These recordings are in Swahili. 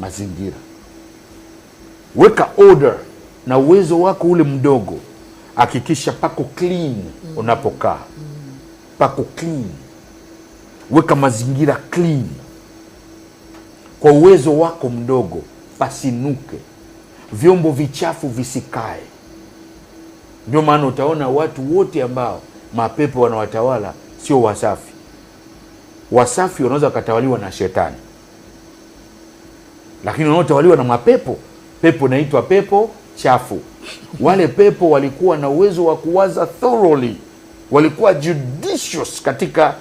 mazingira. Weka order na uwezo wako ule mdogo, hakikisha pako clean unapokaa, pako clean, weka mazingira clean kwa uwezo wako mdogo, pasinuke, vyombo vichafu visikae. Ndio maana utaona watu wote ambao mapepo wanawatawala sio wasafi. Wasafi wanaweza wakatawaliwa na shetani lakini wanaotawaliwa na mapepo. Pepo inaitwa pepo chafu. Wale pepo walikuwa na uwezo wa kuwaza thoroughly, walikuwa judicious katika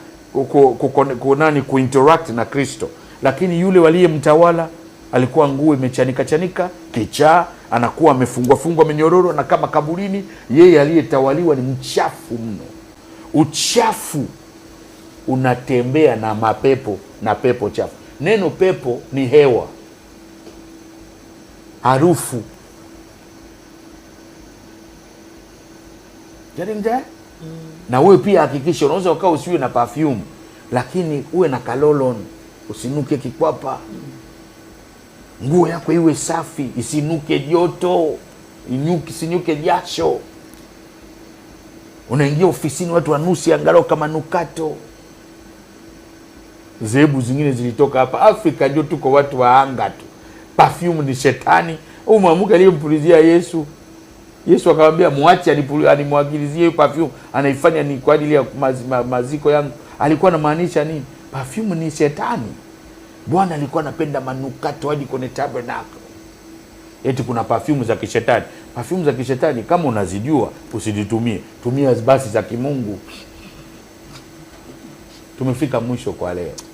kunani kuinteract na Kristo, lakini yule waliyemtawala alikuwa nguo imechanika chanika, kichaa, anakuwa amefungwa fungwa, amenyororo na kama kaburini. Yeye aliyetawaliwa ni mchafu mno. Uchafu unatembea na mapepo na pepo chafu. Neno pepo ni hewa harufu. Mm. Na wewe pia hakikisha, unaweza ukaa usiwe na perfume lakini uwe na kalolon, usinuke kikwapa. Mm. Nguo yako iwe safi, isinuke joto, inyuki sinyuke jasho. Unaingia ofisini, watu wanusi angalau kama nukato. Zehebu zingine zilitoka hapa Afrika, jo tuko watu wa anga tu perfume ni shetani. Huyu mwanamke aliyempulizia Yesu, Yesu akamwambia muache animwagilizie hiyo perfume, anaifanya ni kwa ajili ya maziko yangu. Alikuwa anamaanisha nini? Perfume ni shetani. Bwana alikuwa anapenda manukato hadi kwenye tabernacle. Eti kuna perfume za kishetani. Perfume za kishetani kama unazijua usijitumie, tumia basi za kimungu. Tumefika mwisho kwa leo.